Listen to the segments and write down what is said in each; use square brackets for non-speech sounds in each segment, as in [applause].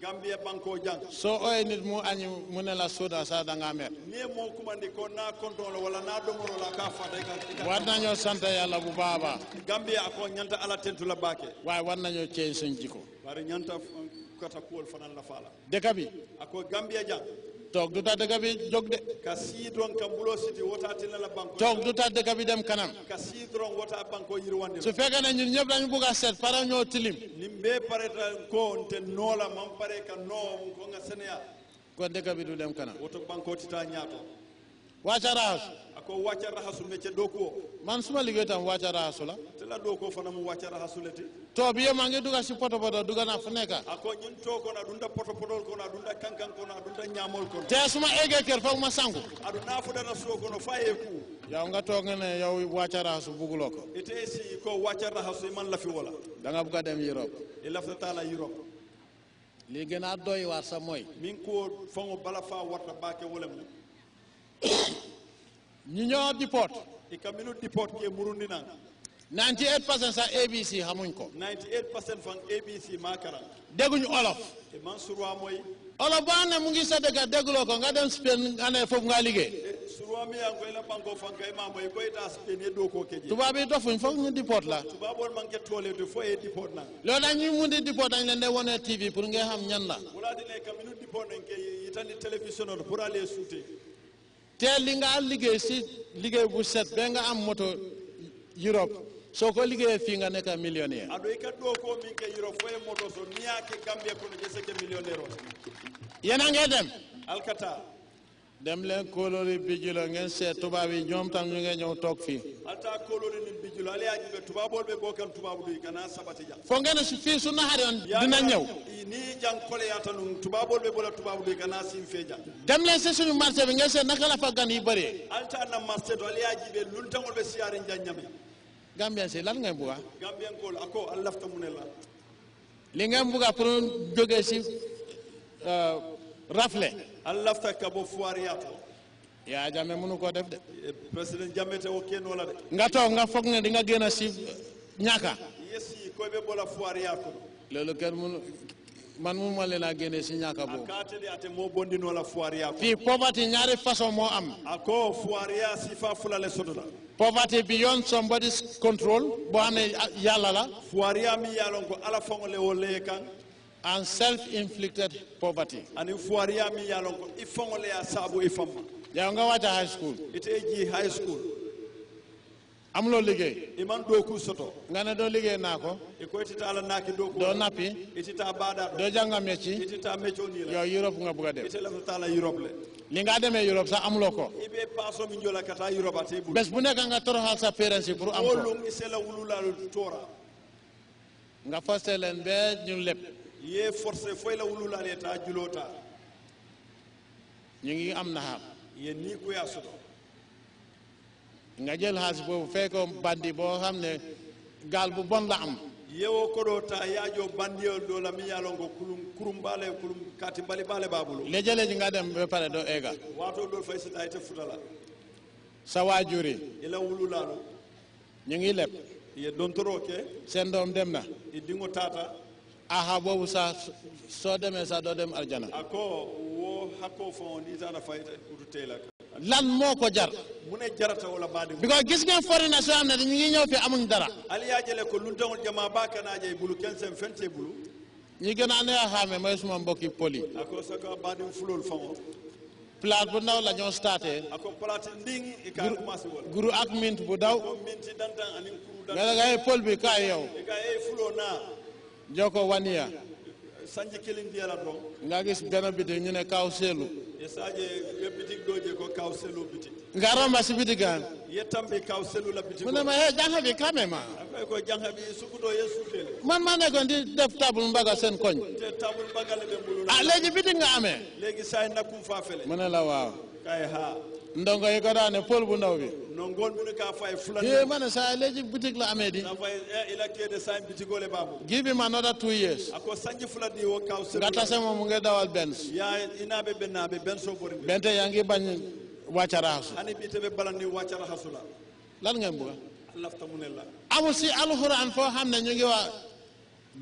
gambia banko jang so oy mu añi mu ne la soda sa da nga mer ni mo kumandi ko na konton wala a domoro la ka fa day ka war nañu sante yalla bu baaba gambia ko ñanta ala tentu la baake waaye war nañu change suñ jiko bari ñanta kata kuol fanan la fala deka bi toog du tax dëkk bi jóg de ka siidron kam buloo siti wota tinna la banko toog du tax dëkk bi dem kanam ka siidron wota banko yirwande su fekkee ne ñun ñëpp dañu bugg a seet para ñoo tilim nim bee pareta ko nte noola man pare ka noo ko nga seneya kon dëkk bi du dem kanam woto banko titaa ñaato wacha rahasu a ko waca rahasu me ce dokuwo man suma liggéey tam waca rahasu la te la doko fana mu wacha rahasu leti to bi ye mangi duga si poto poto duga na fu nekka a ko ñin to kono adunda poto ko kono dunda kankan kono dunda ñamol kono te suma ege ker fa ma sangu adu na fu dana so kono fa ye ku ya nga toog ne yow wacha rahasu buguloo ko ite si ko wacha rahasu man lafi wala da nga buga dem Europe i lafta taala Europe li gëna doy war sa mooy min ko fango bala fa warta ba ke mu [coughs] ñoo deport ikaminu deport ke murundina 98% sa ABC xamuñ ko 98% fan ABC makara dégguñ olof te Mansour mooy olof baa ne mu sa dëkk dégguloo ko nga dem Spain nga ne foofu ngaa liggéey eh, surwa mi yang koy la banko fan kay ma moy koy Spain do ko keje tubaab yi dofuñ foog ñu deport la tubaabol man ke tolé do fo e deport na loolu dañ ñu mun di deport dañ leen de wone TV pour nga ñan la te li nga liggéey si liggéey bu set ba nga am moto Europe soo ko liggéeyee fii nga nekk millionnaire. ado i ka doo ko min kɛ Europe fo ye moto so n'i y'a kɛ Gambie kɔnɔ i bɛ se millionnaire o. yéen a ngi dem. dem leen kóolóori bijulo ngeen seet tubaab yi ñoom tam ñu ngi ñëw toog fii alta kóolóori ni bijulo ale yaji ɓe tubaabool ɓe boo kan tubaabu duy gana sabati jang fo ngeen su fii su naxari on dina ñëw ni jang kole yaata nun tubaabool ɓe bola tubaabu duy gana sim fee jang dem leen si suñu marché bi ngeen seet naka la fa gan yi bëree alta na marché to ale yaji ɓe luntangol ɓe siyaari njan ñame gambien si lan ngay buga gambien kool mu ne la li ngeen buga pour jógee si euh, rafle an lafta ka bɔ fuwariyata yaa jame munu ko def de eh, president jame te nga toog nga foog ne di nga génn si eh, ñaaka yesi ko be bola fuwariya kono loolu kenn munu man mu ma leen a génne si ñaaka boobu moo bondinoo la fuwariya fii poverty ñaari façon moo am a ko fuwariya si fa fula le soto la poverty beyond somebody's control boo xam ne ah, la fuwariya mi yàlla ala faŋo le wo kan and self-inflicted poverty. Ani fuaria mi yalongo ifongole ya sabu ifamba. Yaonga wata high school. Iteji high school. amuloo liggéey iman dooku soto nga ne doo liggéey naa ko ikoytitaa la naaki dooku doo nappi ititaa baadaat doo jànga métier ititaa métier nii la yow Europe nga bëgg dem itelaftaa li nga demee Europe sax amuloo ko ibe paaso bu nekk nga toroxal sa parents yi pour am ko wolu isela wulu laalu toora nga foste bee ñu lépp ye forcé foy la wululale ta julota ñu ngi am na xam ye ni ku ya soto nga jël xaalis boobu fekkoo bandi boo xam ne gaal bu bon la am yewo kodo ta yajo bandiyol do la mi yalo ngo kulum kurum bale kulum kati bali bale babulu le jële ji nga dem be pare do ega wato do fay sita ite futala sa waajuri ila wululalu ñu ngi leb ye dontoro ke seen dem na i dingo tata aha boobu sax soo demee sax doo dem aljana ako wo hako fon isa da fayta lan moo ko jar mu ne jarata wala baadi because gis ngeen foreigner soo am ne ñu ngi ñëw fi amuñ dara ali yaajale ko luntawol jama ba kanaaje bulu kensen fente bulu ñi gën a ne a xaame mooy suma mbokki poli ako saka baadi fulol bu ndaw la ñoo starté guru ak mint bu daw mais da ngay pol bi kaay yow joko waniya sanje kelin diyala ɗon nga gis beno biti ñu ne kaw seelu e saje ɓe bitik ɗoje ko kaw seelu biti nga romba si biti gan yettamɓe kaw seelu ma he eh, janha bi quand ah. man ma ne ko ndi def mbaga sen koñ te table mbagale ah, léegi biti nga amee léegi say nakkum fa fele mu la waaw ndongo yi ko daane pôle bu ndaw bi non gonɗuno ka fay fulan sa leji la amedi na fay eh, électede sa boutique le babu give him another two years ako sanji fulan ni won ngi dawal benz ya inabe benabe benz so bori bente yangi bañ waccarahasu ani bi tebe ngeen bëgg la amu si alxuraan foo xam ne ñu ngi waa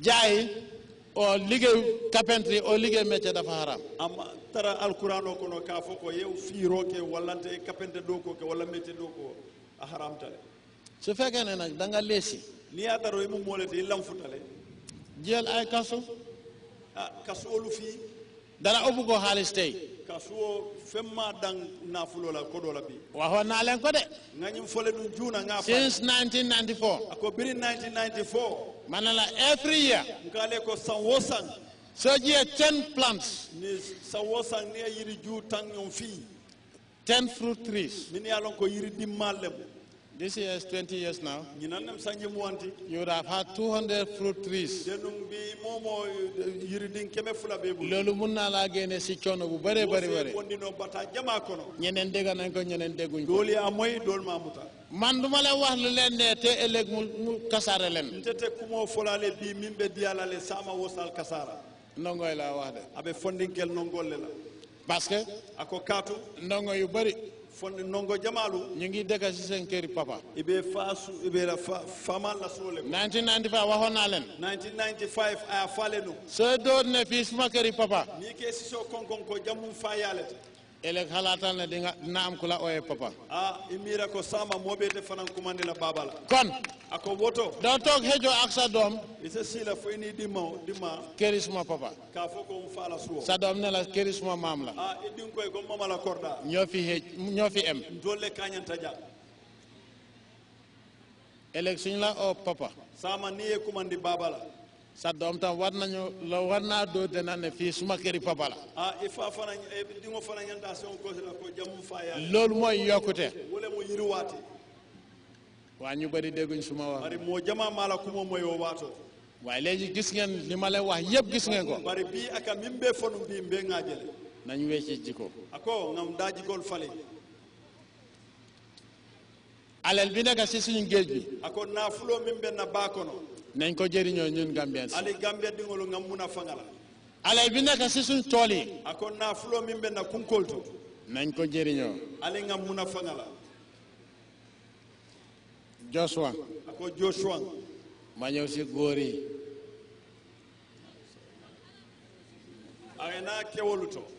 jaay o liggéey carpentry o liggéey métier dafa haram amma tara alquran o kono ka fo ko yew fiiro ke wallante capente dow ko ke walla métier dow ko a haramtale su fekkee ne nag da nga ni yaa daro yi mu moolete yi lamfutale jël ay kasu ah kasu olu fii dara ëpp ko xaalis kasuwo fɛn ma dan nafolo la ko la bi. wa hɔ n'ale ko dɛ. nka ɲin fɔlen dun juu na n k'a fɔ. nineteen ninety four. a ko biri nineteen ninety four. manala every year. nk'ale ko san o san. soji ye ten plants. ni san o san ne ye yiri ju tan ɲɔn fi. ten fruit trees. min y'a lɔn ko yiriden maa lɛmu. This year is 20 years now. You would have had 200 fruit trees. Eh, loolu mun naa laa génne si coono bu bëree bëri bëri. ñeneen dégg nañ ko ñeneen dégguñ ko. man du ma leen wax lu leen ne te ëllëg mu mu kasaare leen. ndongoy laa wax de. parce la a ko kaatu. ndongo yu bëri. fonde nongo jamalu ñu ngi dëkk ci seen kër papa ibe faasu ibe la fa fama la sole 1995 waxoon naa leen 1995 a falenu so do ne fii suma kër papa ni ke si so konkon ko jamu fayalete ëllëg xalaatal ne di nga dina am ku la ooyee papa. ah i ko sama moo bee te fanan kumandi la baaba la. kon. ako woto. doo toog xëjoo ak sa doom. i se si la foy ni dimma këri suma papa. kaa fo ko fa la suwo. sa doom ne la këri suma maam la. i din koy ko mama la korda. ñoo fi xëj ñoo fi em. doole kañanta ja. ëllëg suñ la oo papa. sama ni kumandi baaba la. sa doom tam war nañu la ne fii suma këri papa la. Ah, eh, loolu mooy yokkute. wala mu yiriwaati. waa ñu bëri dégguñ suma wax. bari moo jama maa la kumoo mooy o waato. waaye gis ngeen li ma wax yëpp gis ngeen ko. bari bii aka min bee fonu bii mbee ngaa jële. nañu wecci jiko. ako ngam daa jikool fale. alal bi nekk si suñu géej bi. ako naafuloo min bɛ na baa kono. nañ ko jëriñoo ñun Gambien ali Gambia dingolu nga mun a fanga la. alal bi nekk si suñ tool yi. naafulo min bɛ na kunkool to. nañ ko jëriñoo. ali nga mun a fanga la. Joshua. a Joshua. ma ñëw si góor yi. a naa to.